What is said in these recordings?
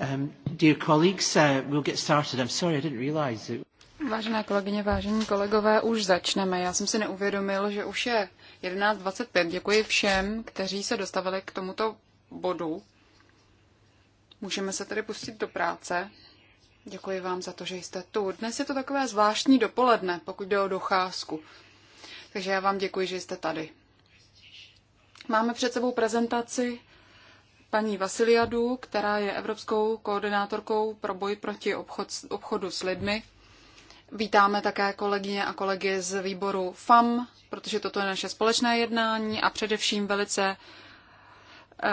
Um, dear colleagues, uh, we'll get started. I'm sorry, I didn't realize it. Vážené kolegyně, vážení kolegové, už začneme. Já jsem si neuvědomil, že už je 11.25. Děkuji všem, kteří se dostavili k tomuto bodu. Můžeme se tedy pustit do práce. Děkuji vám za to, že jste tu. Dnes je to takové zvláštní dopoledne, pokud jde o docházku. Takže já vám děkuji, že jste tady. Máme před sebou prezentaci paní Vasiliadu, která je evropskou koordinátorkou pro boj proti obchod, obchodu s lidmi. Vítáme také kolegyně a kolegy z výboru FAM, protože toto je naše společné jednání a především velice eh,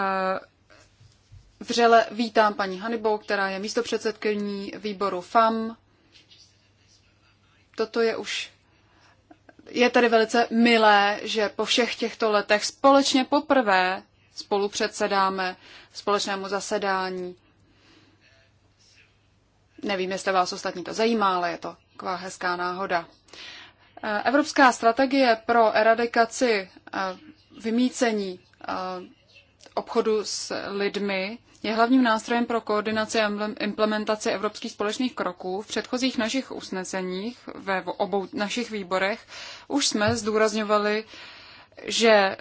vřele vítám paní Hanibou, která je místopředsedkyní výboru FAM. Toto je už je tady velice milé, že po všech těchto letech společně poprvé spolupředsedáme společnému zasedání. Nevím, jestli vás ostatní to zajímá, ale je to taková hezká náhoda. Eh, Evropská strategie pro eradikaci eh, vymícení eh, obchodu s lidmi je hlavním nástrojem pro koordinaci a implementaci evropských společných kroků. V předchozích našich usneseních ve obou našich výborech už jsme zdůrazňovali, že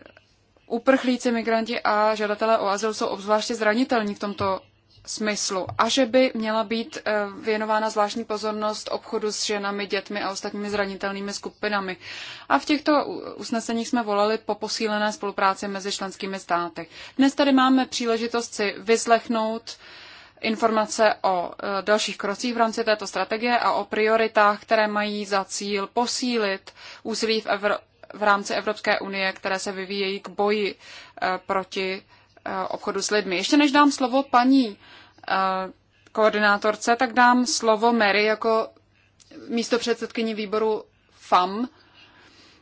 uprchlíci, migranti a žadatelé o azyl jsou obzvláště zranitelní v tomto smyslu a že by měla být eh, věnována zvláštní pozornost obchodu s ženami, dětmi a ostatními zranitelnými skupinami. A v těchto usneseních jsme volali po posílené spolupráci mezi členskými státy. Dnes tady máme příležitost si vyslechnout informace o eh, dalších krocích v rámci této strategie a o prioritách, které mají za cíl posílit úsilí v Evropě v rámci Evropské unie, které se vyvíjejí k boji eh, proti eh, obchodu s lidmi. Ještě než dám slovo paní eh, koordinátorce, tak dám slovo Mary jako místo předsedkyni výboru FAM,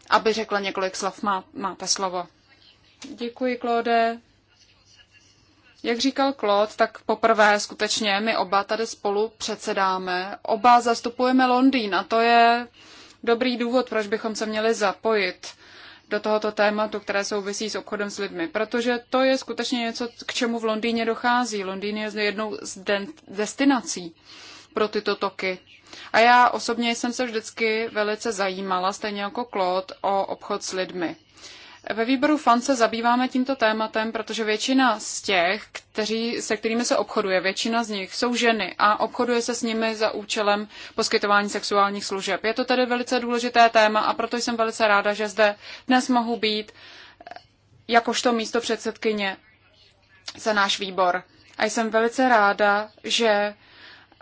aby řekla několik slov. Má, máte slovo. Děkuji, Klode. Jak říkal Claude, tak poprvé skutečně my oba tady spolu předsedáme. Oba zastupujeme Londýn a to je dobrý důvod, proč bychom se měli zapojit do tohoto tématu, které souvisí s obchodem s lidmi, protože to je skutečně něco, k čemu v Londýně dochází. Londýn je jednou z den- destinací pro tyto toky. A já osobně jsem se vždycky velice zajímala, stejně jako Claude, o obchod s lidmi. Ve výboru FAN se zabýváme tímto tématem, protože většina z těch, kteří, se kterými se obchoduje, většina z nich jsou ženy a obchoduje se s nimi za účelem poskytování sexuálních služeb. Je to tedy velice důležité téma a proto jsem velice ráda, že zde dnes mohu být jakožto místo předsedkyně za náš výbor. A jsem velice ráda, že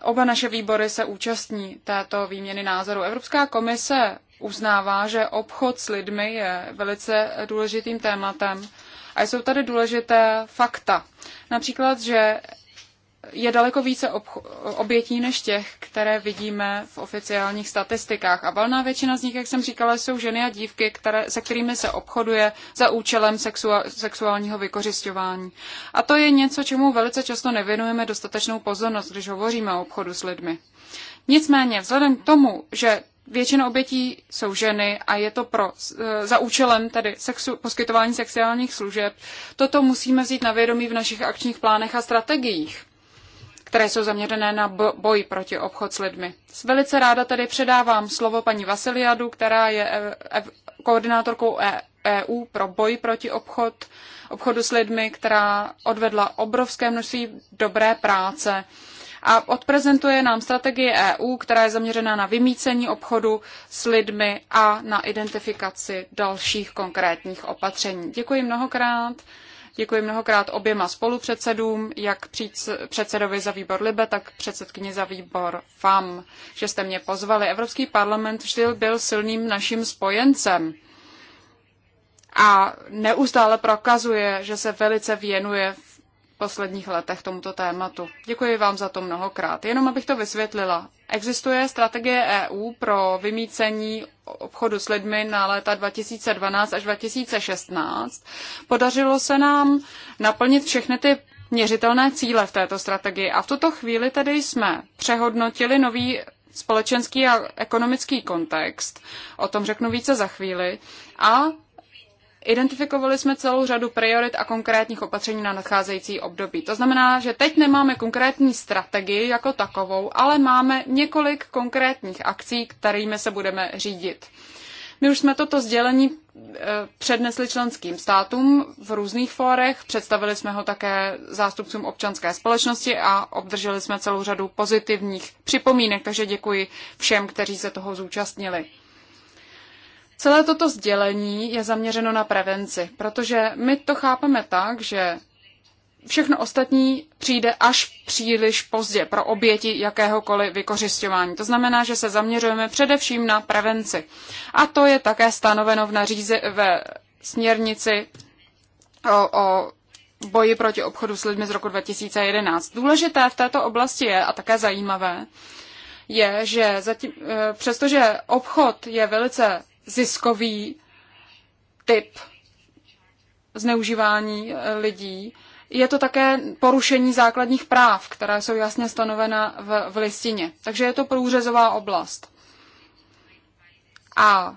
oba naše výbory se účastní této výměny názoru. Evropská komise uznává, že obchod s lidmi je velice důležitým tématem. A jsou tady důležité fakta. Například, že je daleko více obětí než těch, které vidíme v oficiálních statistikách. A valná většina z nich, jak jsem říkala, jsou ženy a dívky, které, se kterými se obchoduje za účelem sexuálního vykořišťování. A to je něco, čemu velice často nevěnujeme dostatečnou pozornost, když hovoříme o obchodu s lidmi. Nicméně, vzhledem k tomu, že Většina obětí jsou ženy a je to pro, eh, za účelem tedy sexu, poskytování sexuálních služeb. Toto musíme vzít na vědomí v našich akčních plánech a strategiích které jsou zaměřené na boj proti obchod s lidmi. Velice ráda tedy předávám slovo paní Vasiliadu, která je eh, koordinátorkou EU e pro boj proti obchod, obchodu s lidmi, která odvedla obrovské množství dobré práce a odprezentuje nám strategii EU, která je zaměřena na vymícení obchodu s lidmi a na identifikaci dalších konkrétních opatření. Děkuji mnohokrát. Děkuji mnohokrát oběma spolupředsedům, jak předsedovi za výbor Libe, tak předsedkyni za výbor FAM, že jste mě pozvali. Evropský parlament vždy byl silným naším spojencem a neustále prokazuje, že se velice věnuje posledních letech tomuto tématu. Děkuji vám za to mnohokrát. Jenom abych to vysvětlila. Existuje strategie EU pro vymícení obchodu s lidmi na léta 2012 až 2016. Podařilo se nám naplnit všechny ty měřitelné cíle v této strategii a v tuto chvíli tedy jsme přehodnotili nový společenský a ekonomický kontext, o tom řeknu více za chvíli, a Identifikovali jsme celou řadu priorit a konkrétních opatření na nadcházející období. To znamená, že teď nemáme konkrétní strategii jako takovou, ale máme několik konkrétních akcí, kterými se budeme řídit. My už jsme toto sdělení eh, přednesli členským státům v různých fórech, představili jsme ho také zástupcům občanské společnosti a obdrželi jsme celou řadu pozitivních připomínek, takže děkuji všem, kteří se toho zúčastnili. Celé toto sdělení je zaměřeno na prevenci, protože my to chápeme tak, že všechno ostatní přijde až příliš pozdě pro oběti jakéhokoliv vykořišťování. To znamená, že se zaměřujeme především na prevenci. A to je také stanoveno v naříze, ve směrnici o, o boji proti obchodu s lidmi z roku 2011. Důležité v této oblasti je, a také zajímavé, je, že zatím, eh, přestože obchod je velice ziskový typ zneužívání e, lidí. Je to také porušení základních práv, která jsou jasně stanovena v, v listině. Takže je to průřezová oblast. A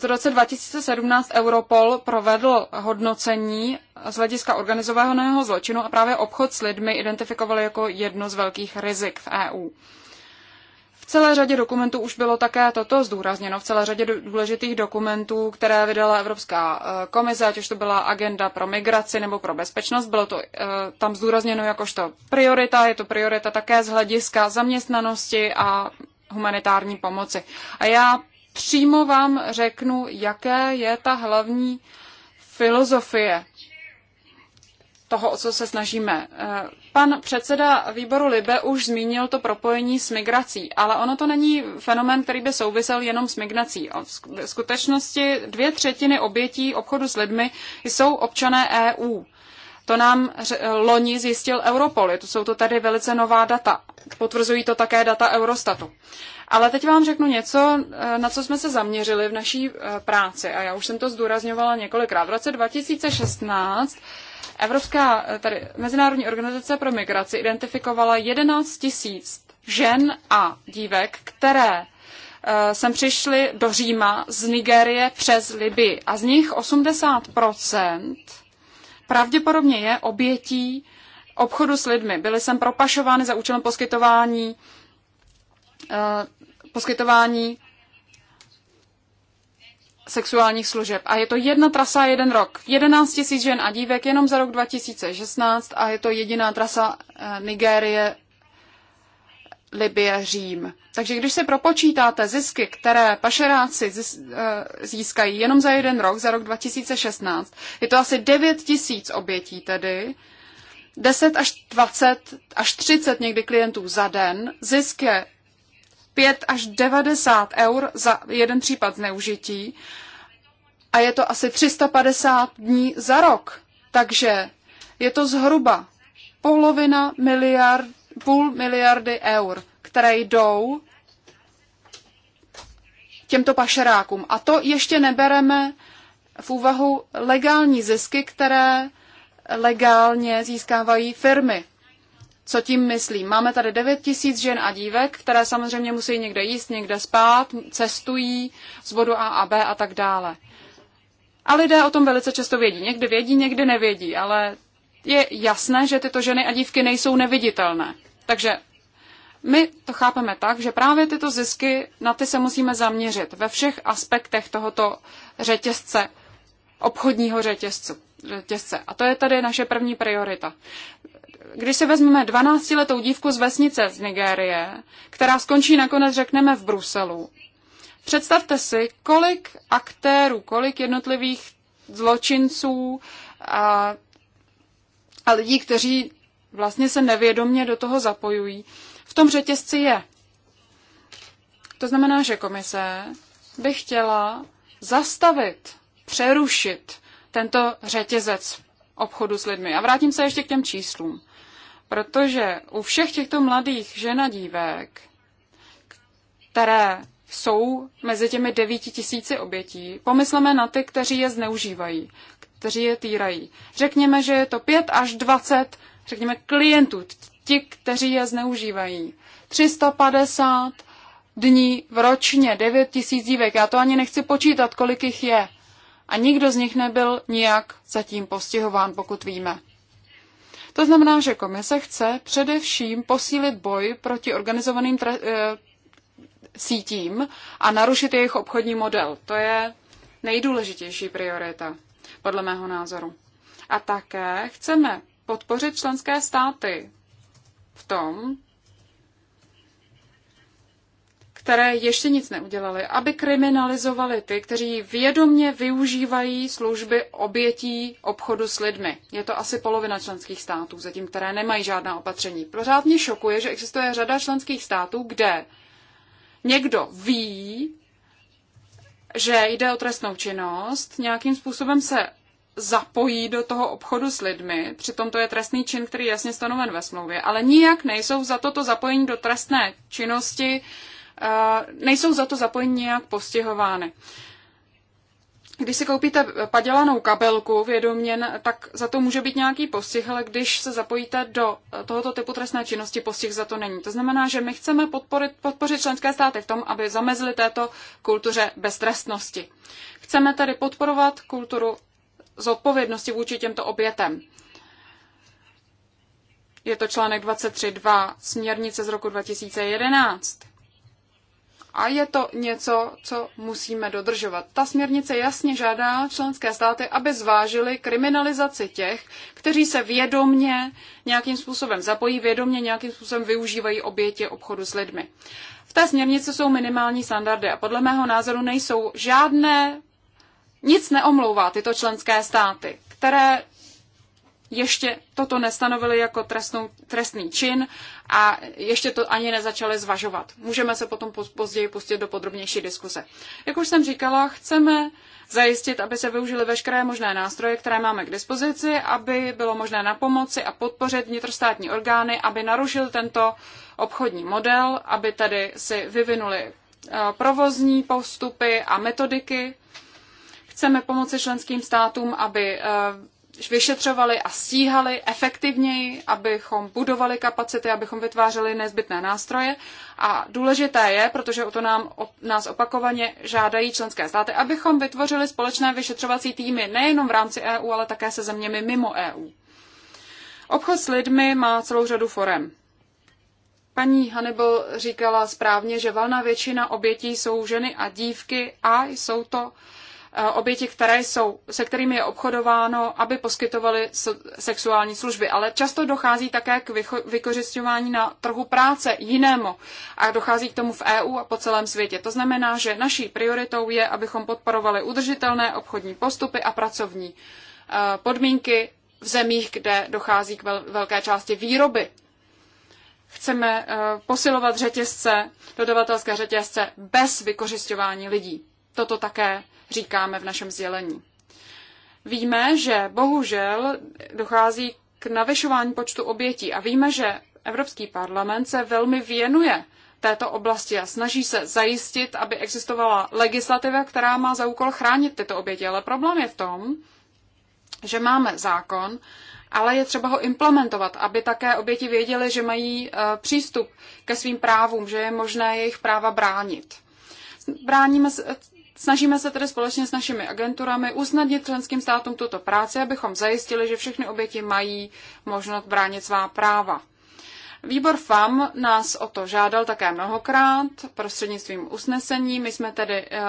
v roce 2017 Europol provedl hodnocení z hlediska organizovaného zločinu a právě obchod s lidmi identifikoval jako jedno z velkých rizik v EU. V celé řadě dokumentů už bylo také toto zdůrazněno, v celé řadě důležitých dokumentů, které vydala Evropská eh, komise, ať už to byla agenda pro migraci nebo pro bezpečnost, bylo to eh, tam zdůrazněno jakožto priorita, je to priorita také z hlediska zaměstnanosti a humanitární pomoci. A já přímo vám řeknu, jaké je ta hlavní filozofie toho, o co se snažíme. Eh, pan předseda výboru Libe už zmínil to propojení s migrací, ale ono to není fenomén, který by souvisel jenom s migrací. V skutečnosti dvě třetiny obětí obchodu s lidmi jsou občané EU. To nám eh, loni zjistil Europol. To jsou to tady velice nová data. Potvrzují to také data Eurostatu. Ale teď vám řeknu něco, eh, na co jsme se zaměřili v naší práci. A já už jsem to zdůrazňovala několikrát. V roce 2016 Evropská, eh, tady Mezinárodní organizace pro migraci identifikovala 11 tisíc žen a dívek, které eh, sem přišly do Říma z Nigérie přes Libii a z nich 80% pravděpodobně je obětí obchodu s lidmi. Byly sem propašovány za účelem poskytování, eh, poskytování sexuálních služeb. A je to jedna trasa jeden rok. 11 tisíc žen a dívek jenom za rok 2016 a je to jediná trasa eh, Nigérie, Libie, Řím. Takže když se propočítáte zisky, které pašeráci eh, získají jenom za jeden rok, za rok 2016, je to asi 9 tisíc obětí tedy, 10 až 20 až 30 někdy klientů za den, zisk je 5 až 90 eur za jeden případ zneužití a je to asi 350 dní za rok. Takže je to zhruba polovina miliard, půl miliardy eur, které jdou těmto pašerákům. A to ještě nebereme v úvahu legální zisky, které legálně získávají firmy. Co tím myslím? Máme tady 9 tisíc žen a dívek, které samozřejmě musí někde jíst, někde spát, cestují z bodu A a B a tak dále. A lidé o tom velice často vědí. Někdy vědí, někdy nevědí, ale je jasné, že tyto ženy a dívky nejsou neviditelné. Takže my to chápeme tak, že právě tyto zisky, na ty se musíme zaměřit ve všech aspektech tohoto řetězce, obchodního řetězce. řetězce. A to je tady naše první priorita když si vezmeme 12-letou dívku z vesnice z Nigérie, která skončí nakonec, řekneme, v Bruselu, představte si, kolik aktérů, kolik jednotlivých zločinců a, a lidí, kteří vlastně se nevědomně do toho zapojují, v tom řetězci je. To znamená, že komise by chtěla zastavit, přerušit tento řetězec obchodu s lidmi. A vrátím se ještě k těm číslům. Protože u všech těchto mladých žen a dívek, které jsou mezi těmi devíti tisíci obětí, pomysleme na ty, kteří je zneužívají, kteří je týrají. Řekněme, že je to pět až dvacet, řekněme, klientů, ti, kteří je zneužívají. 350 dní v ročně, 9 tisíc dívek. Já to ani nechci počítat, kolik jich je. A nikdo z nich nebyl nijak zatím postihován, pokud víme. To znamená, že komise chce především posílit boj proti organizovaným tra- eh, sítím a narušit jejich obchodní model. To je nejdůležitější priorita, podle mého názoru. A také chceme podpořit členské státy v tom, které ještě nic neudělali, aby kriminalizovali ty, kteří vědomně využívají služby obětí obchodu s lidmi. Je to asi polovina členských států, zatím které nemají žádná opatření. Pořád mě šokuje, že existuje řada členských států, kde někdo ví, že jde o trestnou činnost, nějakým způsobem se zapojí do toho obchodu s lidmi, přitom to je trestný čin, který je jasně stanoven ve smlouvě, ale nijak nejsou za toto zapojení do trestné činnosti nejsou za to zapojení nějak postihovány. Když si koupíte padělanou kabelku vědomě, tak za to může být nějaký postih, ale když se zapojíte do tohoto typu trestné činnosti, postih za to není. To znamená, že my chceme podporit, podpořit členské státy v tom, aby zamezili této kultuře beztrestnosti. Chceme tedy podporovat kulturu zodpovědnosti vůči těmto obětem. Je to článek 23.2 směrnice z roku 2011. A je to něco, co musíme dodržovat. Ta směrnice jasně žádá členské státy, aby zvážili kriminalizaci těch, kteří se vědomně nějakým způsobem zapojí, vědomně nějakým způsobem využívají oběti obchodu s lidmi. V té směrnici jsou minimální standardy a podle mého názoru nejsou žádné, nic neomlouvá tyto členské státy, které ještě toto nestanovili jako trestnou, trestný čin a ještě to ani nezačali zvažovat. Můžeme se potom později pustit do podrobnější diskuse. Jak už jsem říkala, chceme zajistit, aby se využili veškeré možné nástroje, které máme k dispozici, aby bylo možné na pomoci a podpořit vnitrostátní orgány, aby narušil tento obchodní model, aby tady si vyvinuli eh, provozní postupy a metodiky. Chceme pomoci členským státům, aby eh, vyšetřovali a stíhali efektivněji, abychom budovali kapacity, abychom vytvářeli nezbytné nástroje. A důležité je, protože o to nám, o, nás opakovaně žádají členské státy, abychom vytvořili společné vyšetřovací týmy nejenom v rámci EU, ale také se zeměmi mimo EU. Obchod s lidmi má celou řadu forem. Paní Hannibal říkala správně, že valná většina obětí jsou ženy a dívky a jsou to uh, Eh, oběti, které jsou, se kterými je obchodováno, aby poskytovaly sexuální služby. Ale často dochází také k vykořišťování na trhu práce jinému a dochází k tomu v EU a po celém světě. To znamená, že naší prioritou je, abychom podporovali udržitelné obchodní postupy a pracovní eh, podmínky v zemích, kde dochází k velké části výroby chceme eh, posilovat řetězce, dodavatelské řetězce bez vykořišťování lidí. Toto také říkáme v našem sdělení. Víme, že bohužel dochází k navyšování počtu obětí a víme, že Evropský parlament se velmi věnuje této oblasti a snaží se zajistit, aby existovala legislativa, která má za úkol chránit tyto oběti. Ale problém je v tom, že máme zákon, ale je třeba ho implementovat, aby také oběti věděly, že mají eh, přístup ke svým právům, že je možné jejich práva bránit. Bráníme, Snažíme se tedy společně s našimi agenturami usnadnit členským státům tuto práci, abychom zajistili, že všechny oběti mají možnost bránit svá práva. Výbor FAM nás o to žádal také mnohokrát prostřednictvím usnesení. My jsme tedy eh,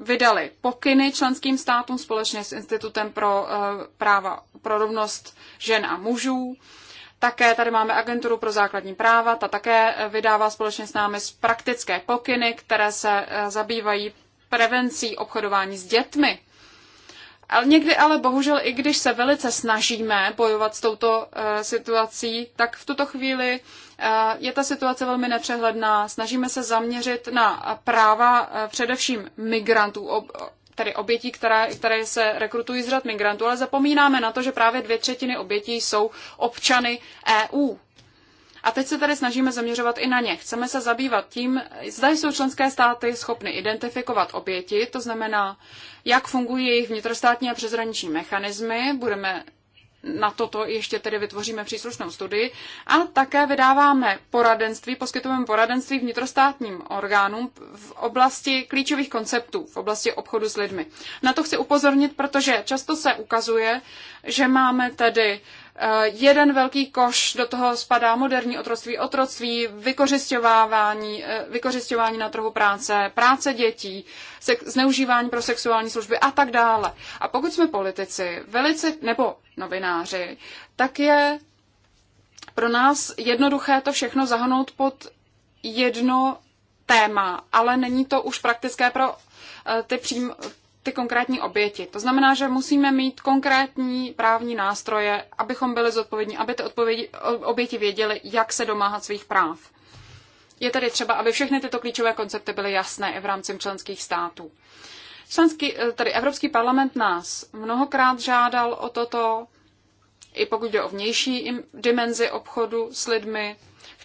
vydali pokyny členským státům společně s Institutem pro eh, práva pro rovnost žen a mužů. Také tady máme agenturu pro základní práva, ta také eh, vydává společně s námi praktické pokyny, které se eh, zabývají prevencí obchodování s dětmi. Ale někdy ale bohužel, i když se velice snažíme bojovat s touto eh, situací, tak v tuto chvíli je ta situace velmi nepřehledná. Snažíme se zaměřit na práva především migrantů, tedy obětí, které, které se rekrutují z řad migrantů, ale zapomínáme na to, že právě dvě třetiny obětí jsou občany EU. A teď se tady snažíme zaměřovat i na ně. Chceme se zabývat tím, zda jsou členské státy schopny identifikovat oběti, to znamená, jak fungují jejich vnitrostátní a přezraniční mechanismy. Budeme na toto ještě tedy vytvoříme příslušnou studii a také vydáváme poradenství, poskytujeme poradenství vnitrostátním orgánům v oblasti klíčových konceptů, v oblasti obchodu s lidmi. Na to chci upozornit, protože často se ukazuje, že máme tedy uh, Eh, jeden velký koš, do toho spadá moderní otroctví, otroctví, vykořišťovávání, eh, vykořišťování na trhu práce, práce dětí, zneužívání pro sexuální služby a tak dále. A pokud jsme politici, velice, nebo novináři, tak je pro nás jednoduché to všechno zahnout pod jedno téma, ale není to už praktické pro eh, ty přím, ty konkrétní oběti. To znamená, že musíme mít konkrétní právní nástroje, abychom byli zodpovědní, aby ty odpovědi, oběti věděly, jak se domáhat svých práv. Je tedy třeba, aby všechny tyto klíčové koncepty byly jasné i v rámci členských států. Členský, eh, tedy Evropský parlament nás mnohokrát žádal o toto, i pokud jde o vnější dimenzi obchodu s lidmi,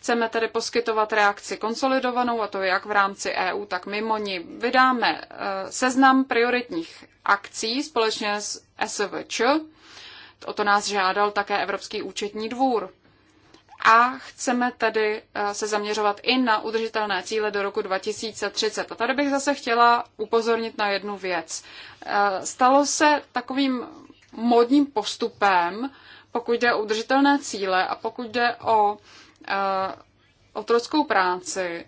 Chceme tedy poskytovat reakci konsolidovanou, a to jak v rámci EU, tak mimo ní. Vydáme eh, seznam prioritních akcí společně s SVČ. O to nás žádal také Evropský účetní dvůr a chceme tedy eh, se zaměřovat i na udržitelné cíle do roku 2030. A tady bych zase chtěla upozornit na jednu věc. Eh, stalo se takovým módním postupem, pokud jde o udržitelné cíle a pokud jde o Eh, otrockou práci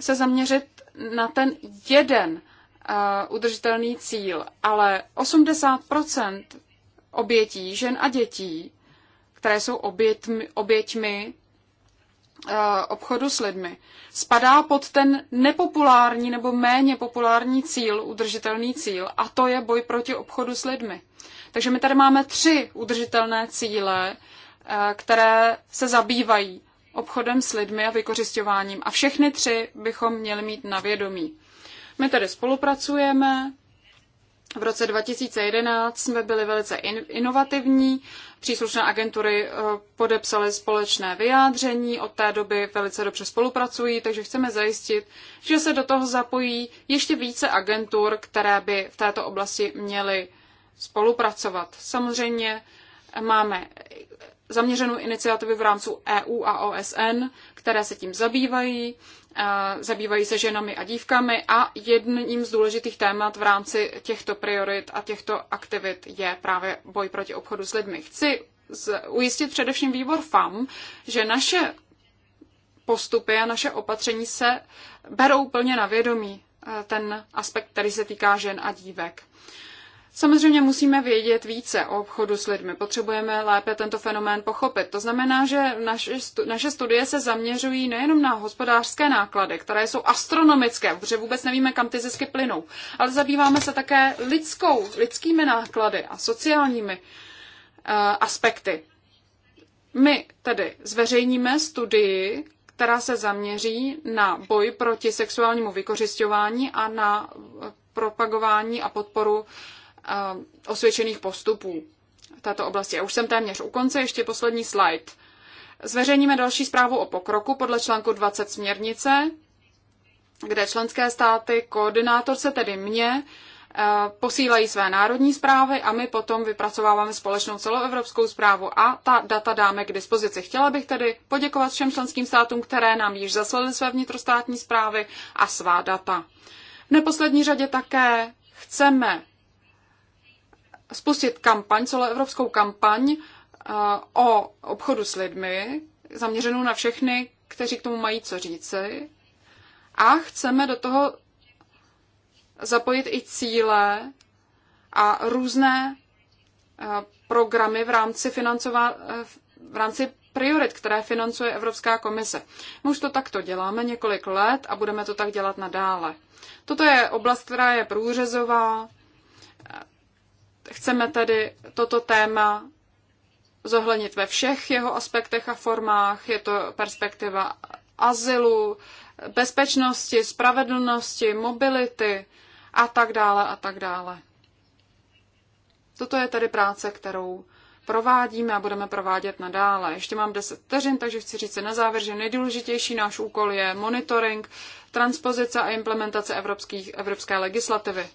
se zaměřit na ten jeden eh, udržitelný cíl, ale 80 obětí žen a dětí, které jsou obětmi, oběťmi eh, obchodu s lidmi, spadá pod ten nepopulární nebo méně populární cíl, udržitelný cíl, a to je boj proti obchodu s lidmi. Takže my tady máme tři udržitelné cíle, které se zabývají obchodem s lidmi a vykořišťováním. A všechny tři bychom měli mít na vědomí. My tedy spolupracujeme. V roce 2011 jsme byli velice inovativní. Příslušné agentury eh, podepsaly společné vyjádření. Od té doby velice dobře spolupracují, takže chceme zajistit, že se do toho zapojí ještě více agentur, které by v této oblasti měly spolupracovat. Samozřejmě máme zaměřenou iniciativu v rámci EU a OSN, které se tím zabývají, eh, zabývají se ženami a dívkami a jedním z důležitých témat v rámci těchto priorit a těchto aktivit je právě boj proti obchodu s lidmi. Chci ujistit především výbor FAM, že naše postupy a naše opatření se berou plně na vědomí eh, ten aspekt, který se týká žen a dívek. Samozřejmě musíme vědět více o obchodu s lidmi, potřebujeme lépe tento fenomén pochopit. To znamená, že naše, studie se zaměřují nejenom na hospodářské náklady, které jsou astronomické, protože vůbec nevíme, kam ty zisky plynou, ale zabýváme se také lidskou, lidskými náklady a sociálními uh, aspekty. My tedy zveřejníme studii, která se zaměří na boj proti sexuálnímu vykořišťování a na eh, propagování a podporu uh, osvědčených postupů této oblasti. Já už jsem téměř u konce, ještě poslední slide. Zveřejníme další zprávu o pokroku podle článku 20 směrnice, kde členské státy, koordinátorce, tedy mě, posílají své národní zprávy a my potom vypracováváme společnou celoevropskou zprávu a ta data dáme k dispozici. Chtěla bych tedy poděkovat všem členským státům, které nám již zaslali své vnitrostátní zprávy a svá data. V neposlední řadě také chceme spustit kampaň, celoevropskou kampaň eh, o obchodu s lidmi, zaměřenou na všechny, kteří k tomu mají co říci. A chceme do toho zapojit i cíle a různé eh, programy v rámci, financová, v rámci priorit, které financuje Evropská komise. My už to takto děláme několik let a budeme to tak dělat nadále. Toto je oblast, která je průřezová. Chceme tedy toto téma zohlednit ve všech jeho aspektech a formách. Je to perspektiva azylu, bezpečnosti, spravedlnosti, mobility a tak dále a tak dále. Toto je tedy práce, kterou provádíme a budeme provádět nadále. Ještě mám 10 vteřin, takže chci říct na závěr, že nejdůležitější náš úkol je monitoring, transpozice a implementace evropských, evropské legislativy.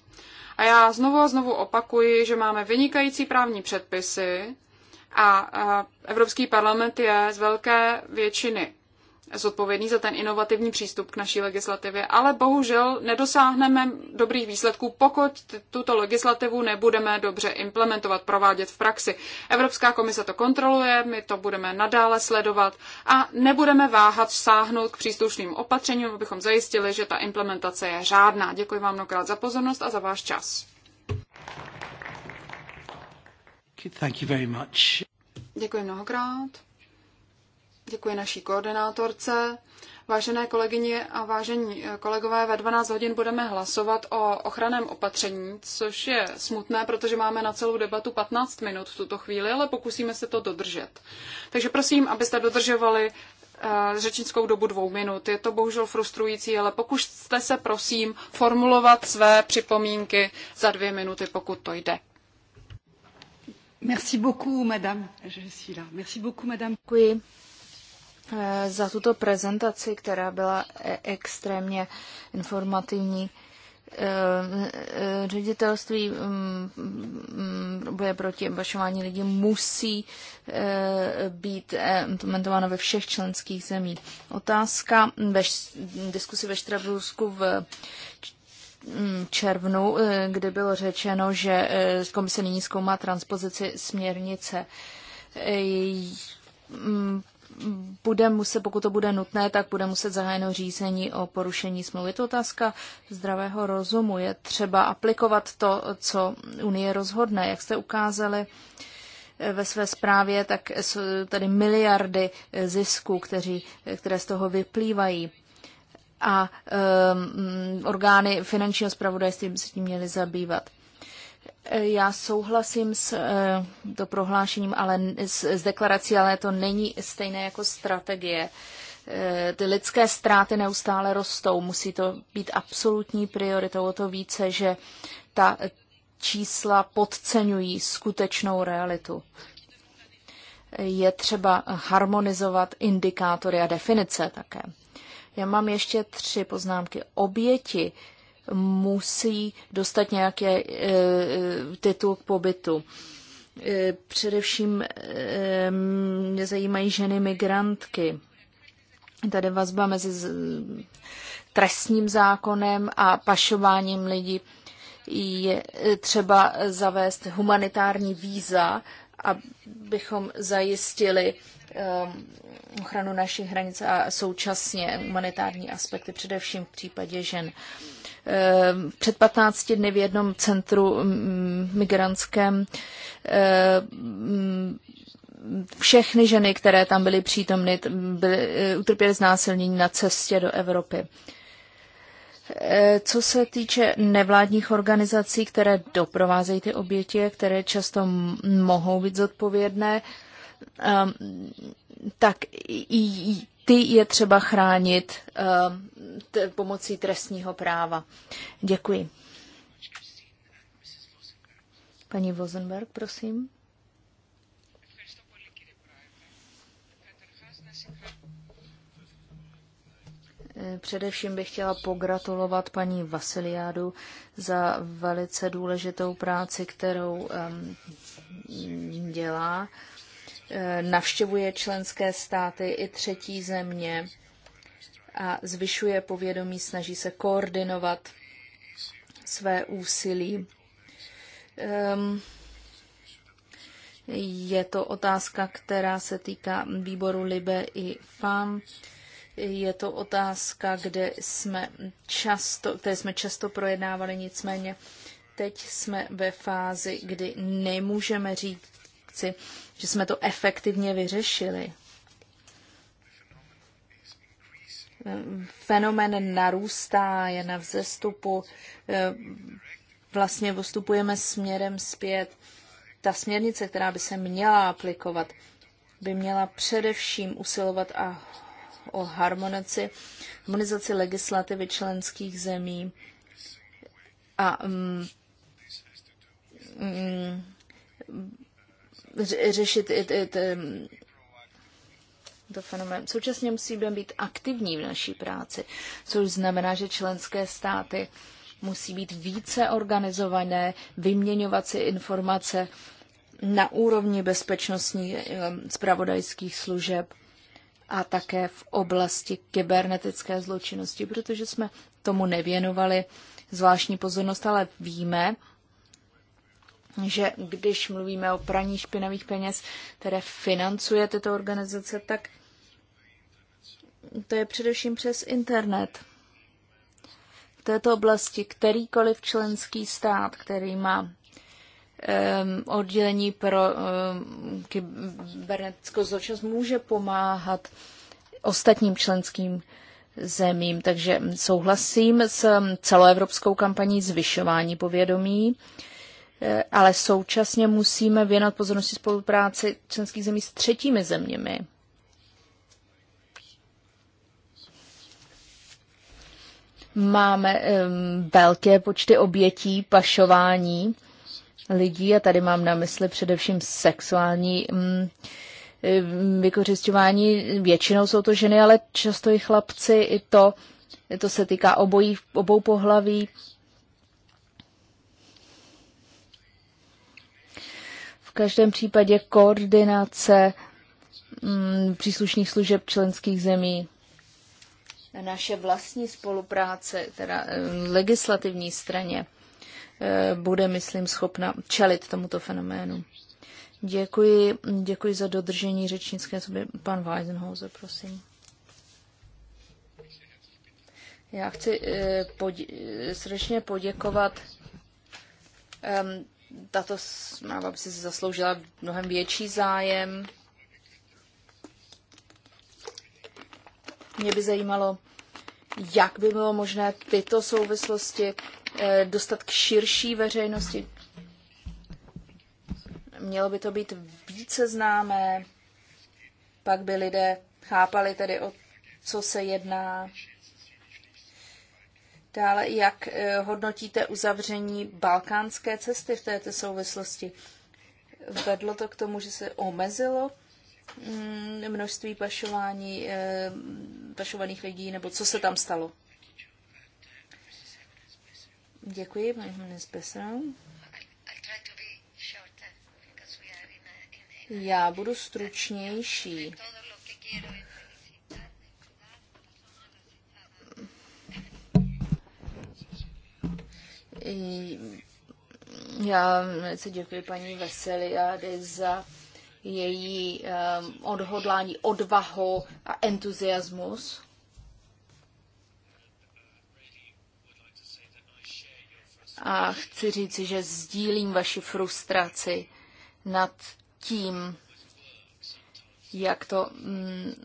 A já znovu a znovu opakuji, že máme vynikající právní předpisy a Evropský parlament je z velké většiny zodpovědný za ten inovativní přístup k naší legislativě, ale bohužel nedosáhneme dobrých výsledků, pokud tuto legislativu nebudeme dobře implementovat, provádět v praxi. Evropská komise to kontroluje, my to budeme nadále sledovat a nebudeme váhat sáhnout k příslušným opatřením, abychom zajistili, že ta implementace je řádná. Děkuji vám mnohokrát za pozornost a za váš čas. Děkuji mnohokrát. Děkuji naší koordinátorce. Vážené kolegyně a vážení kolegové, ve 12 hodin budeme hlasovat o ochraném opatření, což je smutné, protože máme na celou debatu 15 minut v tuto chvíli, ale pokusíme se to dodržet. Takže prosím, abyste dodržovali eh, řečnickou dobu dvou minut. Je to bohužel frustrující, ale pokuste se prosím formulovat své připomínky za dvě minuty, pokud to jde. Merci beaucoup, madame. Je suis là. Merci beaucoup, madame. Děkuji. Eh, za tuto prezentaci, která byla e- extrémně informativní. Eh, eh, ředitelství mm, mm, boje proti obašování lidí musí být implementováno ve všech členských zemích. Otázka ve diskusi ve Štrasbursku v mm, červnu, kdy bylo řečeno, že komise nyní zkoumá transpozici směrnice bude muset, pokud to bude nutné, tak bude muset zahájeno řízení o porušení smlouvy. Je to otázka zdravého rozumu. Je třeba aplikovat to, co Unie rozhodne. Jak jste ukázali eh, ve své zprávě, tak jsou tady miliardy eh, zisků, kteří, eh, které z toho vyplývají. A um, orgány finančního zpravodajství by se tím měly zabývat. Já souhlasím s eh, to prohlášením, ale s, s deklarací, ale to není stejné jako strategie. Eh, ty lidské ztráty neustále rostou. Musí to být absolutní prioritou, o to více, že ta čísla podceňují skutečnou realitu. Je třeba harmonizovat indikátory a definice také. Já mám ještě tři poznámky. Oběti musí dostat nějaké e, e, titul k pobytu. E, především mě zajímají ženy migrantky. Tady vazba mezi trestním zákonem a pašováním lidí je třeba zavést humanitární víza, abychom zajistili ochranu našich hranic a současně humanitární aspekty, především v případě žen. Eh, před 15 dny v jednom centru mm, migrantském eh, všechny ženy, které tam byly přítomny, byly, eh, utrpěly znásilnění na cestě do Evropy. Co se týče nevládních organizací, které doprovázejí ty oběti, které často mohou být zodpovědné, tak i ty je třeba chránit eh, pomocí trestního práva. Děkuji. Paní Vozenberg, prosím. Eh, především bych chtěla pogratulovat paní Vasiliádu za velice důležitou práci, kterou dělá. Eh, navštěvuje členské státy i třetí země a zvyšuje povědomí, snaží se koordinovat své úsilí. Ehm, je to otázka, která se týká výboru Libe i FAM. Je to otázka, kde jsme často, které jsme často projednávali, nicméně teď jsme ve fázi, kdy nemůžeme říct že jsme to efektivně vyřešili. Fenomen narůstá, je na vzestupu, vlastně postupujeme směrem zpět. Ta směrnice, která by se měla aplikovat, by měla především usilovat a o harmonici, harmonizaci legislativy členských zemí a mm, mm, řešit i, i, to fenomén. Současně musíme být aktivní v naší práci, což znamená, že členské státy musí být více organizované, vyměňovat si informace na úrovni bezpečnostních spravodajských e, služeb a také v oblasti kybernetické zločinnosti, protože jsme tomu nevěnovali zvláštní pozornost, ale víme, že když mluvíme o praní špinavých peněz, které financuje tyto organizace, tak to je především přes internet. V této oblasti kterýkoliv členský stát, který má um, oddělení pro um, kybernetickou zločinnost, může pomáhat ostatním členským zemím. Takže souhlasím s celoevropskou kampaní zvyšování povědomí. Uh, Eh, ale současně musíme věnovat pozornosti spolupráci členských zemí s třetími zeměmi. Máme um, velké počty obětí pašování lidí a tady mám na mysli především sexuální um, vykořišťování. Většinou jsou to ženy, ale často i chlapci. I to, to se týká obojí, obou pohlaví. každém případě koordinace mm, příslušných služeb členských zemí, naše vlastní spolupráce, teda eh, legislativní straně, eh, bude, myslím, schopna čelit tomuto fenoménu. Děkuji, děkuji za dodržení řečnické sobě. Pan Weisenhauser, prosím. Já chci eh, podě- srdečně poděkovat ehm, tato zpráva by si zasloužila mnohem větší zájem. Mě by zajímalo, jak by bylo možné tyto souvislosti eh, dostat k širší veřejnosti. Mělo by to být více známé, pak by lidé chápali tedy, o co se jedná. Dále, jak eh, hodnotíte uzavření balkánské cesty v této souvislosti? Vedlo to k tomu, že se omezilo mm, množství pašování, eh, pašovaných lidí, nebo co se tam stalo? Děkuji, paní Hmenes Já budu stručnější. Já se děkuji paní a za její eh, odhodlání, odvahu a entuziasmus. A chci říci, že sdílím vaši frustraci nad tím, jak to mm,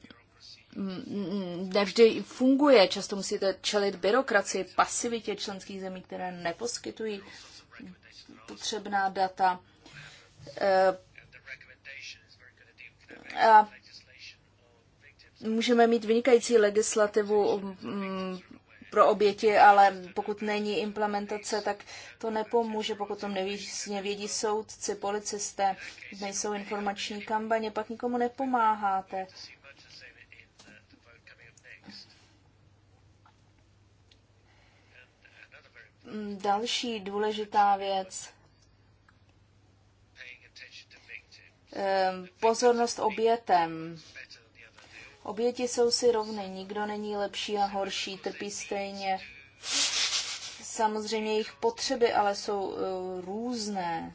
Mm, nevždy funguje. Často musíte čelit byrokracii, pasivitě členských zemí, které neposkytují potřebná data. Eh, a můžeme mít vynikající legislativu mm, pro oběti, ale pokud není implementace, tak to nepomůže. Pokud to neví, nevědí soudci, policisté, nejsou informační kampaně, pak nikomu nepomáháte. Mm, další důležitá věc. Ehm, pozornost obětem. Oběti jsou si rovny, nikdo není lepší a horší, trpí stejně. Samozřejmě jejich potřeby ale jsou eh, různé.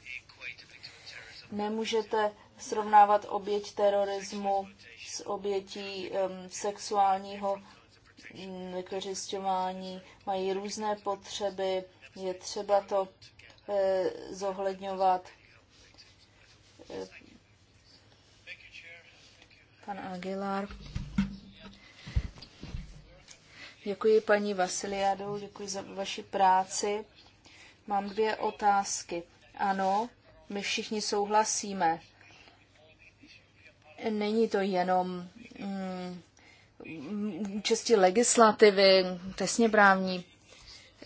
Nemůžete srovnávat oběť terorismu s obětí um, sexuálního vykořišťování, mají různé potřeby, je třeba to eh, zohledňovat. Eh, pan Aguilar. Děkuji paní Vasiliadu, děkuji za vaši práci. Mám dvě otázky. Ano, my všichni souhlasíme. Není to jenom mm, účasti legislativy, tesně právní,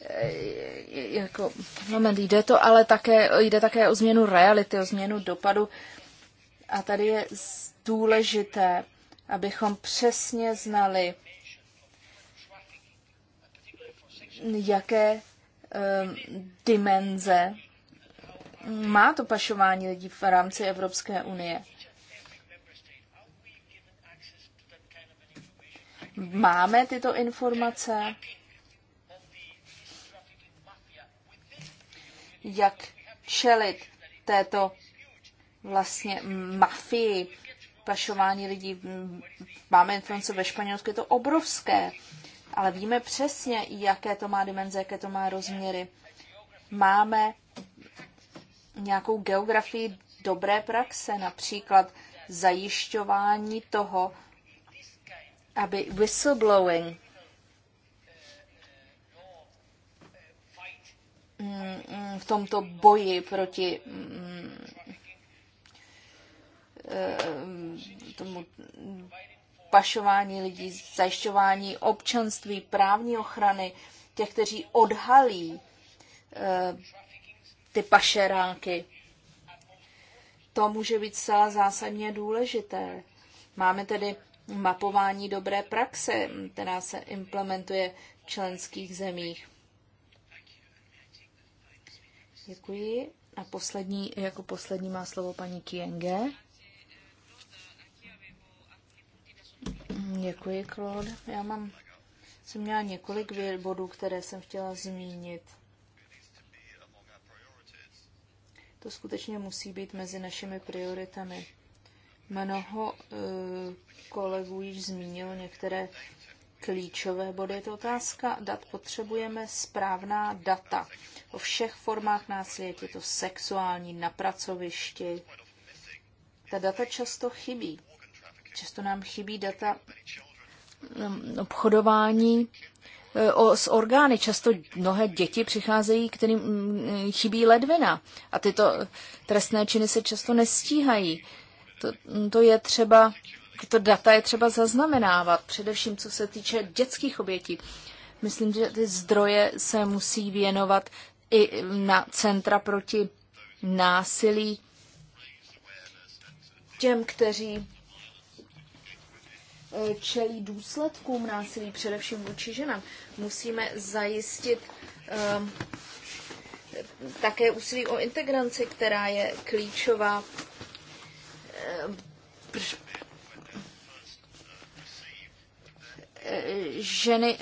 eh, jako moment, no, jde to ale také, jde také o změnu reality, o změnu dopadu. A tady je důležité, abychom přesně znali, jaké um, dimenze má to pašování lidí v rámci Evropské unie. Máme tyto informace? Jak čelit této vlastně mafii pašování lidí? Máme informace ve Španělsku, je to obrovské, ale víme přesně, jaké to má dimenze, jaké to má rozměry. Máme nějakou geografii dobré praxe, například zajišťování toho, aby whistleblowing mm, v tomto boji proti mm, eh, tomu pašování lidí, zajišťování občanství, právní ochrany těch, kteří odhalí eh, ty pašeráky. To může být zcela zásadně důležité. Máme tedy mapování dobré praxe, která se implementuje v členských zemích. Děkuji. A poslední, jako poslední má slovo paní Kienge. Děkuji, Claude. Já mám, jsem měla několik bodů, které jsem chtěla zmínit. To skutečně musí být mezi našimi prioritami. Mnoho eh, kolegů již zmínilo některé klíčové body. Je to otázka dat. Potřebujeme správná data o všech formách násilí, je to sexuální, na pracovišti. Ta data často chybí. Často nám chybí data mm, obchodování eh, o, s orgány. Často mnohé děti přicházejí, kterým mm, chybí ledvina a tyto trestné činy se často nestíhají to, to je třeba, tyto data je třeba zaznamenávat, především co se týče dětských obětí. Myslím, že ty zdroje se musí věnovat i na centra proti násilí těm, kteří eh, čelí důsledkům násilí, především vůči ženám. Musíme zajistit um, také úsilí o integraci, která je klíčová ženy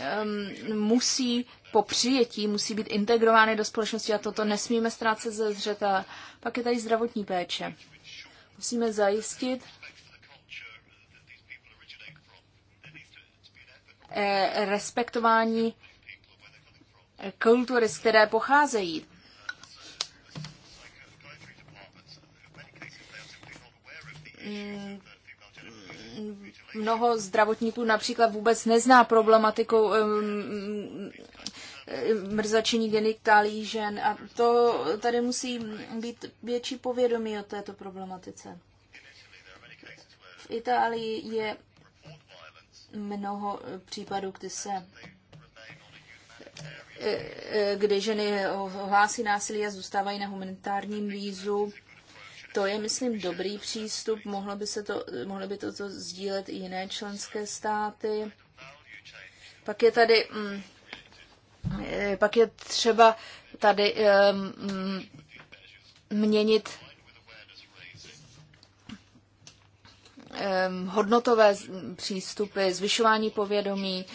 musí po přijetí musí být integrovány do společnosti a toto nesmíme ztrácet ze zřetele. Pak je tady zdravotní péče. Musíme zajistit, eh, respektování kultury, z které pocházejí. Mm, mnoho zdravotníků například vůbec nezná problematiku um, um, mrzačení genitálí žen a to tady musí být větší povědomí o této problematice. V Itálii je mnoho případů, kdy se eh, eh, kdy ženy hlásí násilí a zůstávají na humanitárním vízu to je, myslím, dobrý přístup. Mohlo by, se to, mohlo by toto sdílet i jiné členské státy. Pak je tady, mm, eh, pak je třeba tady um, měnit um, hodnotové přístupy, zvyšování povědomí.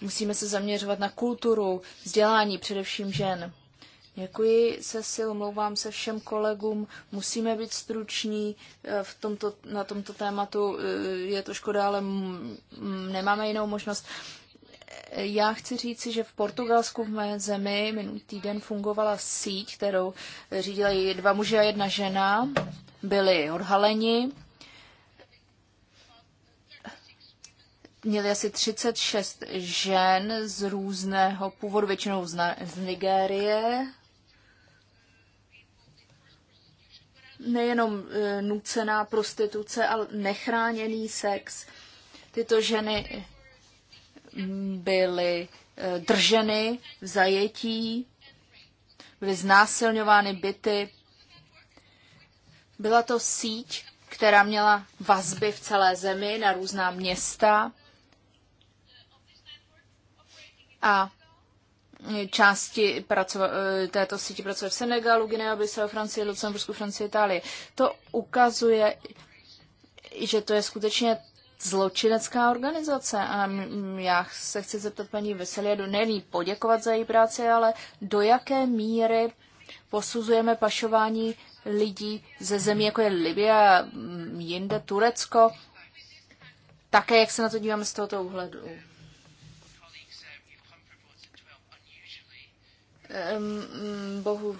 Musíme se zaměřovat na kulturu, vzdělání především žen. Děkuji, Cecil, omlouvám se všem kolegům, musíme být struční eh, v tomto, na tomto tématu, eh, je to škoda, ale nemáme jinou možnost. Eh, já chci říci, že v Portugalsku v mé zemi minulý týden fungovala síť, kterou řídili dva muži a jedna žena, byli odhaleni, měli asi 36 žen z různého původu, většinou z, z Nigérie, nejenom e, nucená prostituce, ale nechráněný sex. Tyto ženy mm, byly e, drženy v zajetí, byly znásilňovány byty. Byla to síť, která měla vazby v celé zemi na různá města. A části pracova, eh, této síti pracuje v Senegalu, Guinea, Bissau, Francii, Lucembursku, Francii, Itálii. To ukazuje, že to je skutečně zločinecká organizace a já se chci zeptat paní Veseliedu, není poděkovat za její práci, ale do jaké míry posuzujeme pašování lidí ze zemí, jako je Libie, jinde Turecko, také jak se na to díváme z tohoto úhledu. bohu,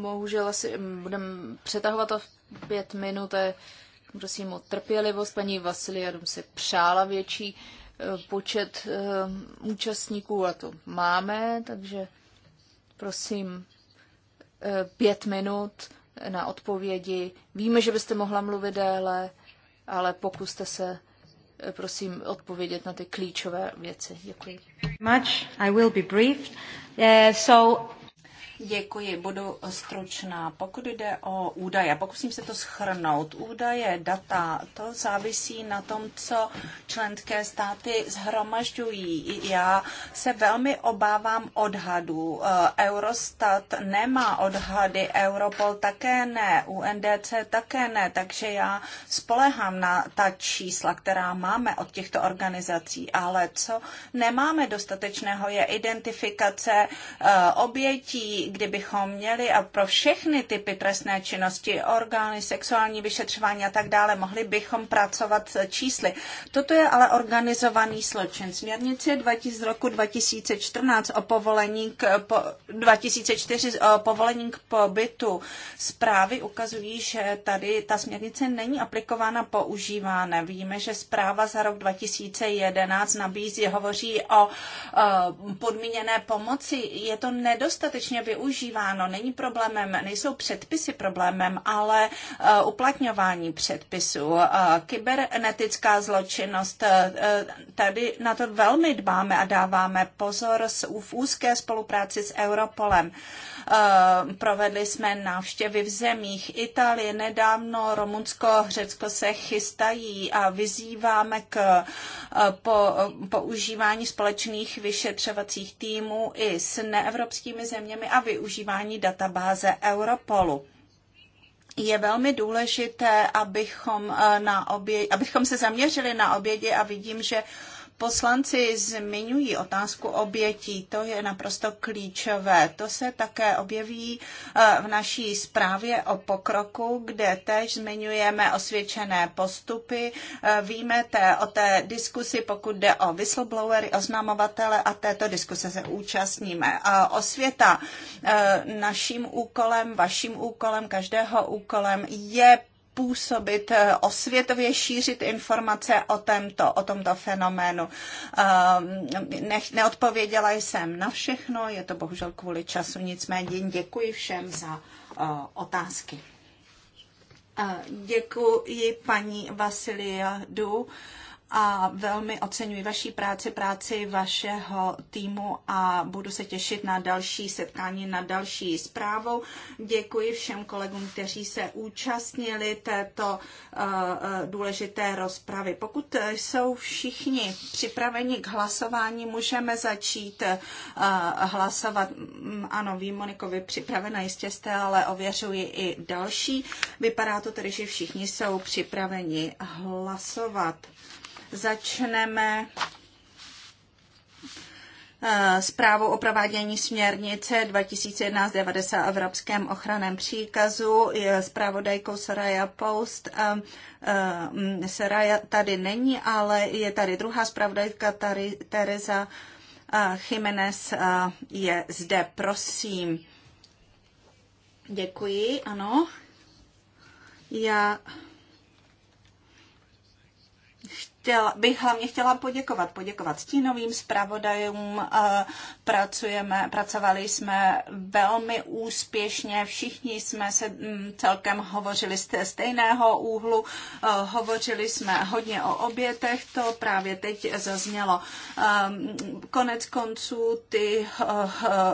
bohužel asi budeme přetahovat to v pět minut. Eh, prosím o trpělivost. Paní Vasiliadum si přála větší eh, počet účastníků a to máme, takže prosím eh, pět minut na odpovědi. Víme, že byste mohla mluvit déle, ale pokuste se Eh, prosím odpovědět na ty klíčové věci. Děkuji. Much. I will be brief. Uh, eh, so Děkuji, budu stručná. Pokud jde o údaje, pokusím se to schrnout. Údaje, data, to závisí na tom, co členské státy zhromažďují. Já se velmi obávám odhadů. Eh, Eurostat nemá odhady, Europol také ne, UNDC také ne, takže já spolehám na ta čísla, která máme od těchto organizací, ale co nemáme dostatečného je identifikace eh, obětí, kdybychom měli a pro všechny typy trestné činnosti, orgány, sexuální vyšetřování a tak dále, mohli bychom pracovat s čísly. Toto je ale organizovaný zločin. Směrnice z roku 2014 o povolení k, po, 2004 o povolení k pobytu zprávy ukazují, že tady ta směrnice není aplikována, používána. Víme, že zpráva za rok 2011 nabízí, hovoří o eh, podmíněné pomoci. Je to nedostatečně by využíváno, není problémem, nejsou předpisy problémem, ale eh, uplatňování předpisů. Eh, kybernetická zločinnost, eh, tady na to velmi dbáme a dáváme pozor v úzké spolupráci s Europolem. Eh, provedli jsme návštěvy v zemích Itálie, nedávno Rumunsko, Řecko se chystají a vyzýváme k eh, po, používání společných vyšetřovacích týmů i s neevropskými zeměmi a využívání databáze Europolu je velmi důležité, abychom, eh, na obě, abychom se zaměřili na obědi a vidím, že Poslanci zmiňují otázku obětí, to je naprosto klíčové. To se také objeví eh, v naší zprávě o pokroku, kde tež zmiňujeme osvědčené postupy. Eh, víme té, o té diskusi, pokud jde o whistleblowery, oznamovatele a této diskuse se účastníme. Osvěta eh, naším úkolem, vaším úkolem, každého úkolem je působit eh, osvětově, šířit informace o, tomto, o tomto fenoménu. Eh, ne, neodpověděla jsem na všechno, je to bohužel kvůli času, nicméně děkuji všem za eh, otázky. Děkuji paní Du a velmi oceňuji vaší práci, práci vašeho týmu a budu se těšit na další setkání, na další zprávu. Děkuji všem kolegům, kteří se účastnili této eh, eh, důležité rozpravy. Pokud jsou všichni připraveni k hlasování, můžeme začít eh, hlasovat. Mm, ano, vím, Moniko, vy připravena jistě jste, ale ověřuji i další. Vypadá to tedy, že všichni jsou připraveni hlasovat. Začneme eh, zprávu o provádění směrnice 2011-90 Evropském ochraném příkazu. Zpravodajkou Soraya Post. Eh, mm, Soraya tady není, ale je tady druhá zpravodajka, Teresa Jiménez je zde, prosím. Děkuji, ano. Já chtěla, bych hlavně chtěla poděkovat. Poděkovat stínovým zpravodajům. Eh, Pracujeme, pracovali jsme velmi úspěšně. Všichni jsme se mm, celkem hovořili z té stejného úhlu. Eh, hovořili jsme hodně o obětech. To právě teď zaznělo. Eh, Konec konců ty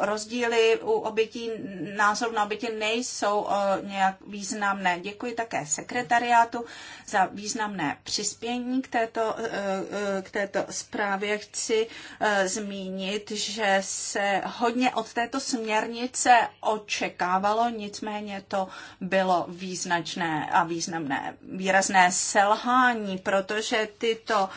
rozdíly u obětí, názor na oběti nejsou nějak významné. Děkuji také sekretariátu za významné přispění k této Eh, eh, k této zprávě chci eh, zmínit, že se hodně od této směrnice očekávalo, nicméně to bylo význačné a významné, výrazné selhání, protože tyto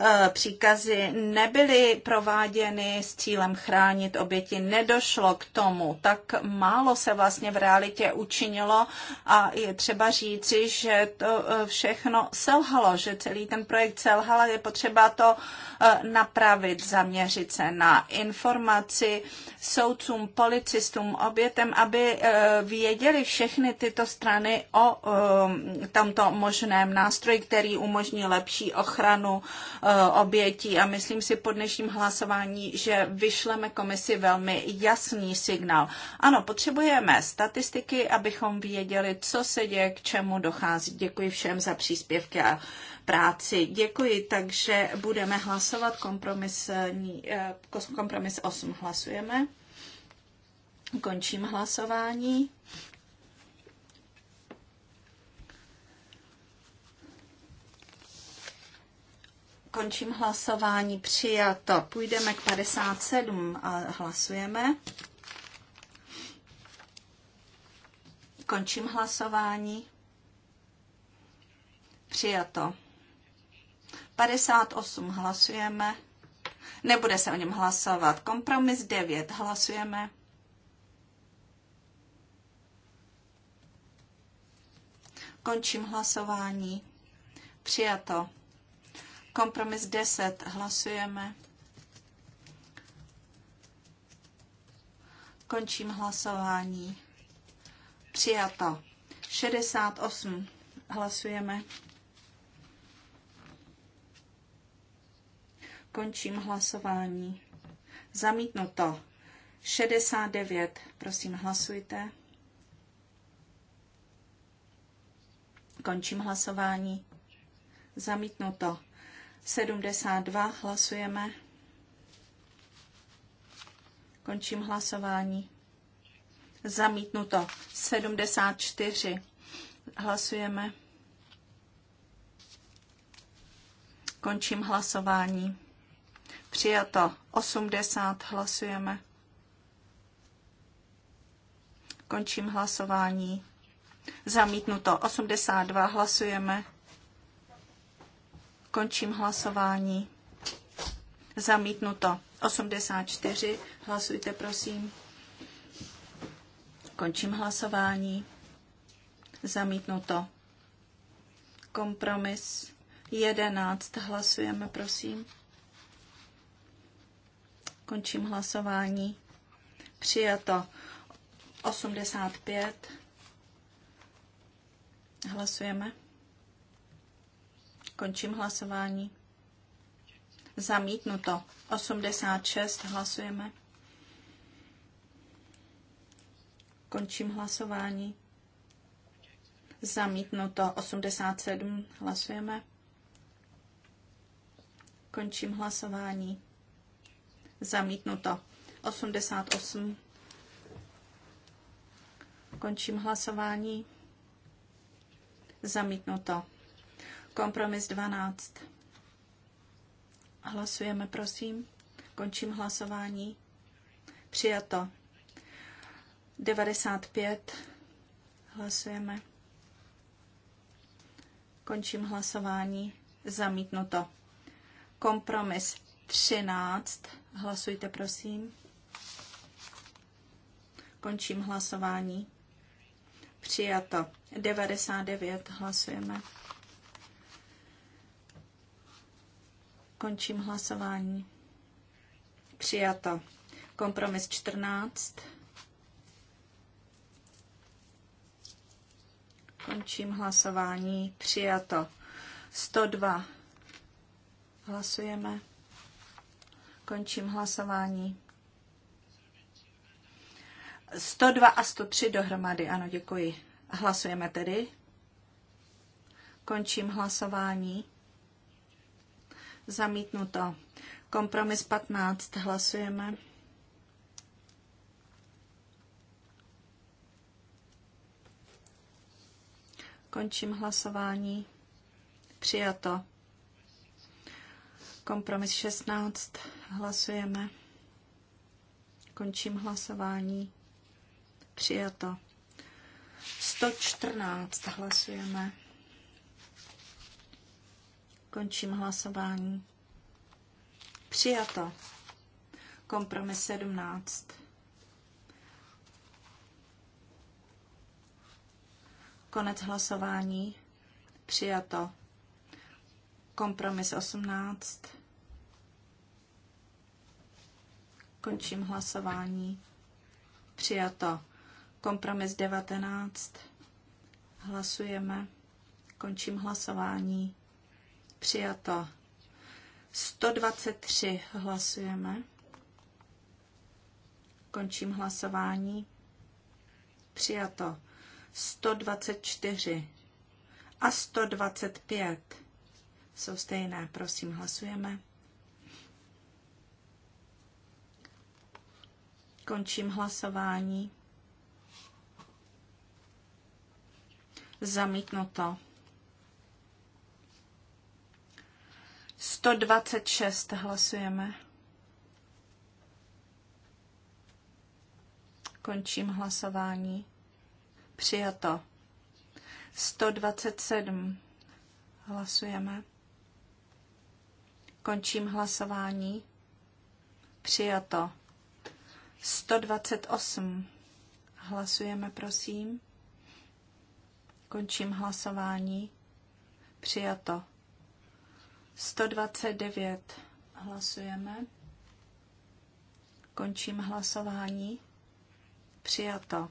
Eh, příkazy nebyly prováděny s cílem chránit oběti, nedošlo k tomu. Tak málo se vlastně v realitě učinilo a je třeba říci, že to eh, všechno selhalo, že celý ten projekt selhal a je potřeba to eh, napravit, zaměřit se na informaci soudcům, policistům, obětem, aby věděli všechny tyto strany o tomto možném nástroji, který umožní lepší ochranu Eh, obětí a myslím si po dnešním hlasování, že vyšleme komisi velmi jasný signál. Ano, potřebujeme statistiky, abychom věděli, co se děje, k čemu dochází. Děkuji všem za příspěvky a práci. Děkuji, takže budeme hlasovat eh, kompromis, kompromis 8 hlasujeme. Končím hlasování. Končím hlasování. Přijato. Půjdeme k 57 a hlasujeme. Končím hlasování. Přijato. 58 hlasujeme. Nebude se o něm hlasovat. Kompromis 9 hlasujeme. Končím hlasování. Přijato. Kompromis 10. Hlasujeme. Končím hlasování. Přijato. 68. Hlasujeme. Končím hlasování. Zamítnuto. 69. Prosím, hlasujte. Končím hlasování. Zamítnuto. 72 hlasujeme. Končím hlasování. Zamítnuto. 74 hlasujeme. Končím hlasování. Přijato 80 hlasujeme. Končím hlasování. Zamítnuto 82 hlasujeme. Končím hlasování. Zamítnuto. 84. Hlasujte, prosím. Končím hlasování. Zamítnuto. Kompromis 11. Hlasujeme, prosím. Končím hlasování. Přijato 85. Hlasujeme. Končím hlasování. Zamítnuto. 86 hlasujeme. Končím hlasování. Zamítnuto. 87 hlasujeme. Končím hlasování. Zamítnuto. 88. Končím hlasování. Zamítnuto. Kompromis 12. Hlasujeme, prosím. Končím hlasování. Přijato. 95. Hlasujeme. Končím hlasování. Zamítnuto. Kompromis 13. Hlasujte, prosím. Končím hlasování. Přijato. 99. Hlasujeme. Končím hlasování. Přijato. Kompromis 14. Končím hlasování. Přijato. 102. Hlasujeme. Končím hlasování. 102 a 103 dohromady. Ano, děkuji. Hlasujeme tedy. Končím hlasování. Zamítnuto. Kompromis 15. Hlasujeme. Končím hlasování. Přijato. Kompromis 16. Hlasujeme. Končím hlasování. Přijato. 114. Hlasujeme. Končím hlasování. Přijato. Kompromis 17. Konec hlasování. Přijato. Kompromis 18. Končím hlasování. Přijato. Kompromis 19. Hlasujeme. Končím hlasování. Přijato. 123 hlasujeme. Končím hlasování. Přijato. 124 a 125 jsou stejné. Prosím, hlasujeme. Končím hlasování. Zamítnuto. 126 hlasujeme. Končím hlasování. Přijato. 127 hlasujeme. Končím hlasování. Přijato. 128. Hlasujeme, prosím. Končím hlasování. Přijato. 129. Hlasujeme. Končím hlasování. Přijato.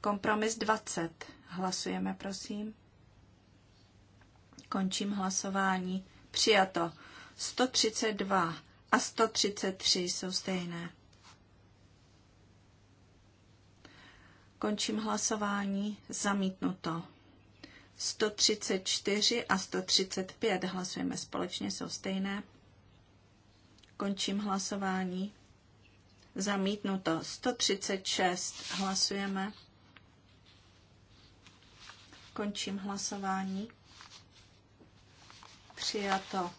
Kompromis 20. Hlasujeme, prosím. Končím hlasování. Přijato. 132 a 133 jsou stejné. Končím hlasování. Zamítnuto. 134 a 135. Hlasujeme společně, jsou stejné. Končím hlasování. Zamítnuto 136. Hlasujeme. Končím hlasování. Přijato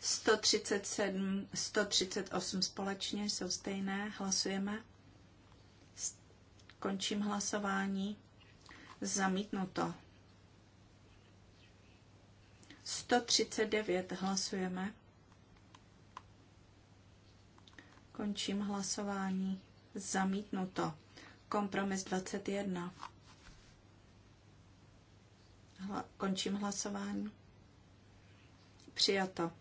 137, 138 společně jsou stejné. Hlasujeme. Končím hlasování. Zamítnuto 139 hlasujeme. Končím hlasování. Zamítnuto. Kompromis 21. Hla, končím hlasování. Přijato.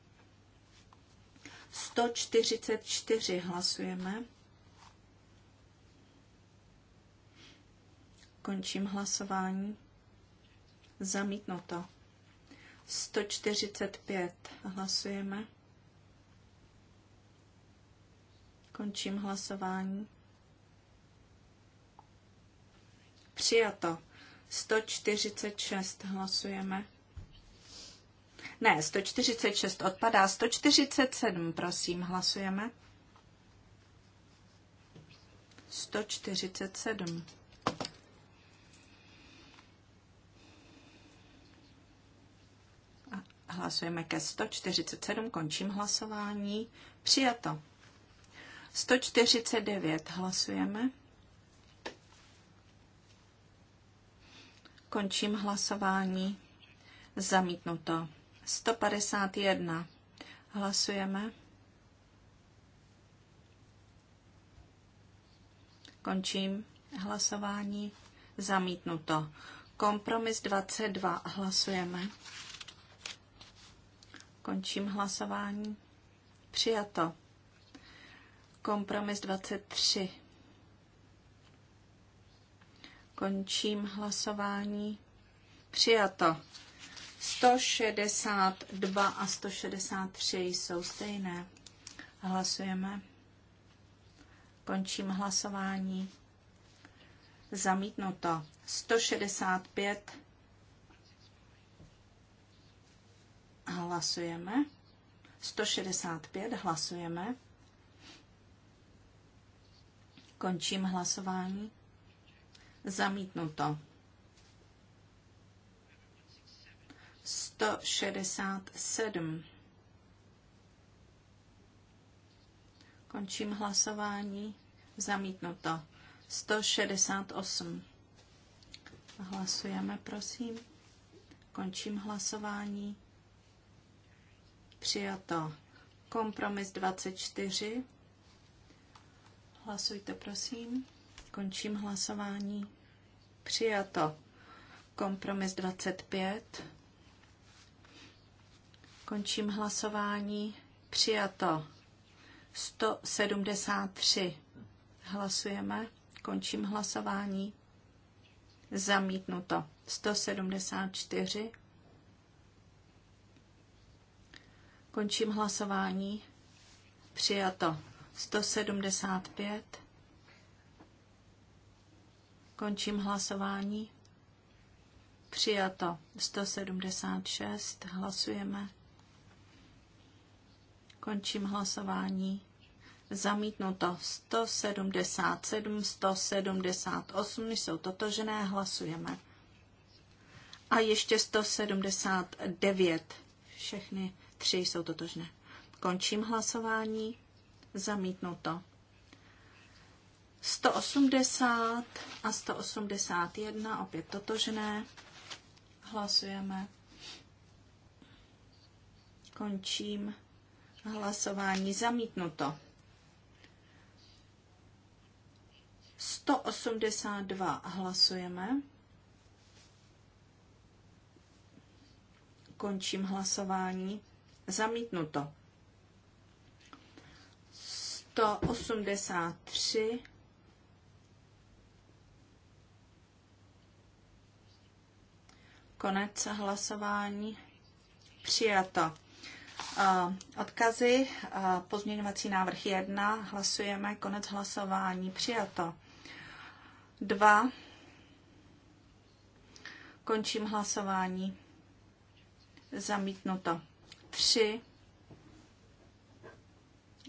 144 hlasujeme. Končím hlasování. Zamítnuto. 145. Hlasujeme. Končím hlasování. Přijato. 146 hlasujeme. Ne, 146 odpadá. 147, prosím, hlasujeme. 147. Hlasujeme ke 147, končím hlasování. Přijato. 149 hlasujeme. Končím hlasování. Zamítnuto. 151. Hlasujeme. Končím hlasování. Zamítnuto. Kompromis 22. Hlasujeme. Končím hlasování. Přijato. Kompromis 23. Končím hlasování. Přijato. 162 a 163 jsou stejné. Hlasujeme. Končím hlasování. Zamítnuto. 165 hlasujeme. 165 hlasujeme. Končím hlasování. Zamítnuto. 167. Končím hlasování. Zamítnuto. 168. Hlasujeme, prosím. Končím hlasování. Přijato. Kompromis 24. Hlasujte, prosím. Končím hlasování. Přijato. Kompromis 25. Končím hlasování. Přijato. 173. Hlasujeme. Končím hlasování. Zamítnuto. 174. Končím hlasování. Přijato 175. Končím hlasování. Přijato 176. Hlasujeme. Končím hlasování. Zamítnuto 177, 178 jsou totožené, hlasujeme. A ještě 179. Všechny 3 jsou totožné. Končím hlasování. Zamítnuto. 180 a 181, opět totožné. Hlasujeme. Končím hlasování. Zamítnuto. 182 hlasujeme. Končím hlasování. Zamítnuto. 183 konec hlasování přijato. Odkazy, pozměňovací návrh 1, hlasujeme, konec hlasování přijato. 2, končím hlasování, zamítnuto tři.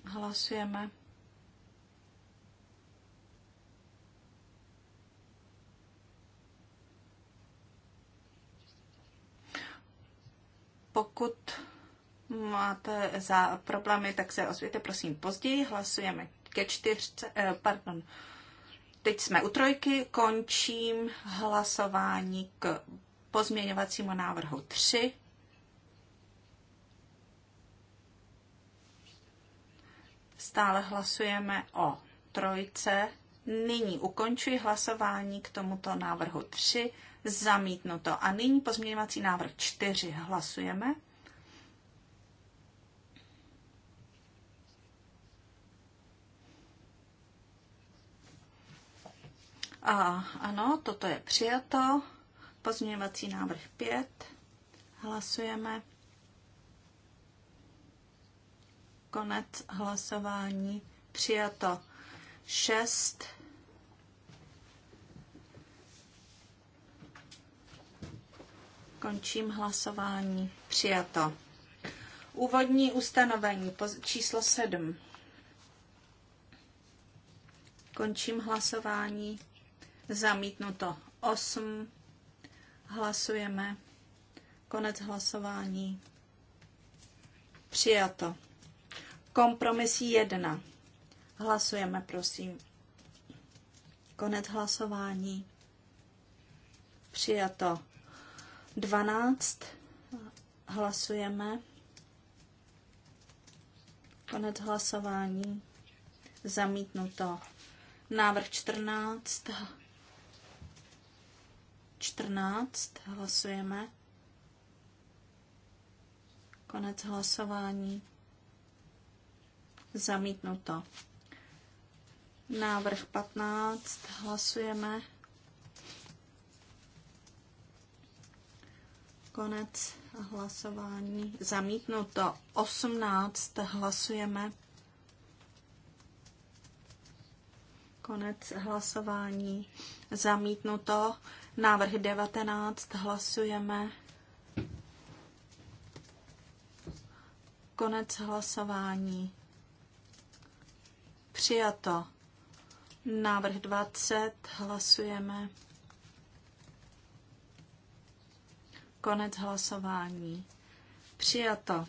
Hlasujeme. Pokud máte za problémy, tak se ozvěte prosím později. Hlasujeme ke čtyřce, eh, pardon, teď jsme u trojky, končím hlasování k pozměňovacímu návrhu 3. Stále hlasujeme o trojce. Nyní ukončuji hlasování k tomuto návrhu 3. Zamítnuto. A nyní pozměňovací návrh 4. Hlasujeme. A ano, toto je přijato. Pozměňovací návrh 5. Hlasujeme. Konec hlasování. Přijato 6. Končím hlasování. Přijato. Úvodní ustanovení číslo 7. Končím hlasování. Zamítnuto 8. Hlasujeme. Konec hlasování. Přijato. Kompromis 1. Hlasujeme, prosím. Konec hlasování. Přijato 12. Hlasujeme. Konec hlasování. Zamítnuto. Návrh 14. 14. Hlasujeme. Konec hlasování zamítnuto. Návrh 15, hlasujeme. Konec hlasování. Zamítnuto 18, hlasujeme. Konec hlasování. Zamítnuto. Návrh 19, hlasujeme. Konec hlasování. Přijato. Návrh 20. Hlasujeme. Konec hlasování. Přijato.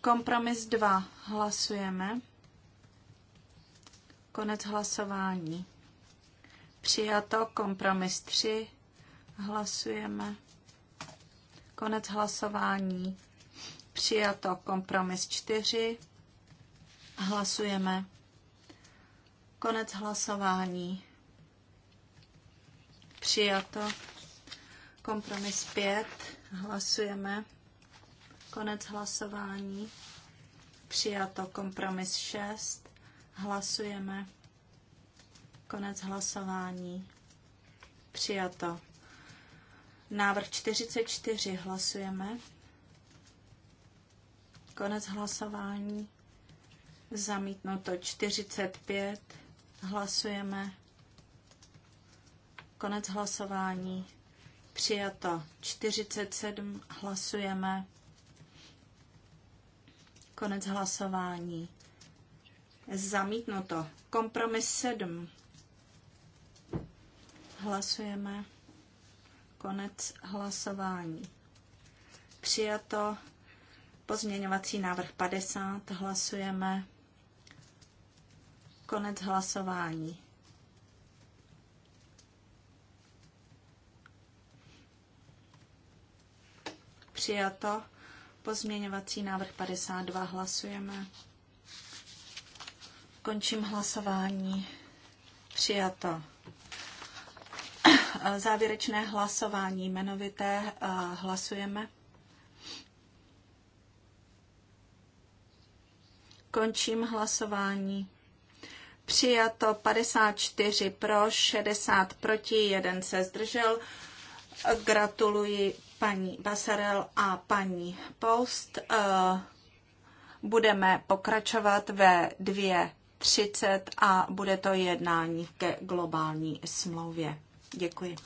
Kompromis 2. Hlasujeme. Konec hlasování. Přijato. Kompromis 3. Hlasujeme. Konec hlasování. Přijato. Kompromis 4. Hlasujeme. Konec hlasování. Přijato. Kompromis 5. Hlasujeme. Konec hlasování. Přijato. Kompromis 6. Hlasujeme. Konec hlasování. Přijato. Návrh 44 hlasujeme. Konec hlasování zamítnuto 45, hlasujeme, konec hlasování, přijato 47, hlasujeme, konec hlasování, zamítnuto, kompromis 7, hlasujeme, konec hlasování, přijato pozměňovací návrh 50, hlasujeme, Konec hlasování. Přijato. Pozměňovací návrh 52 hlasujeme. Končím hlasování. Přijato. Eh, závěrečné hlasování jmenovité eh, hlasujeme. Končím hlasování. Přijato 54 pro, 60 proti, jeden se zdržel. Gratuluji paní Basarel a paní Post. Eh, budeme pokračovat ve 2.30 a bude to jednání ke globální smlouvě. Děkuji.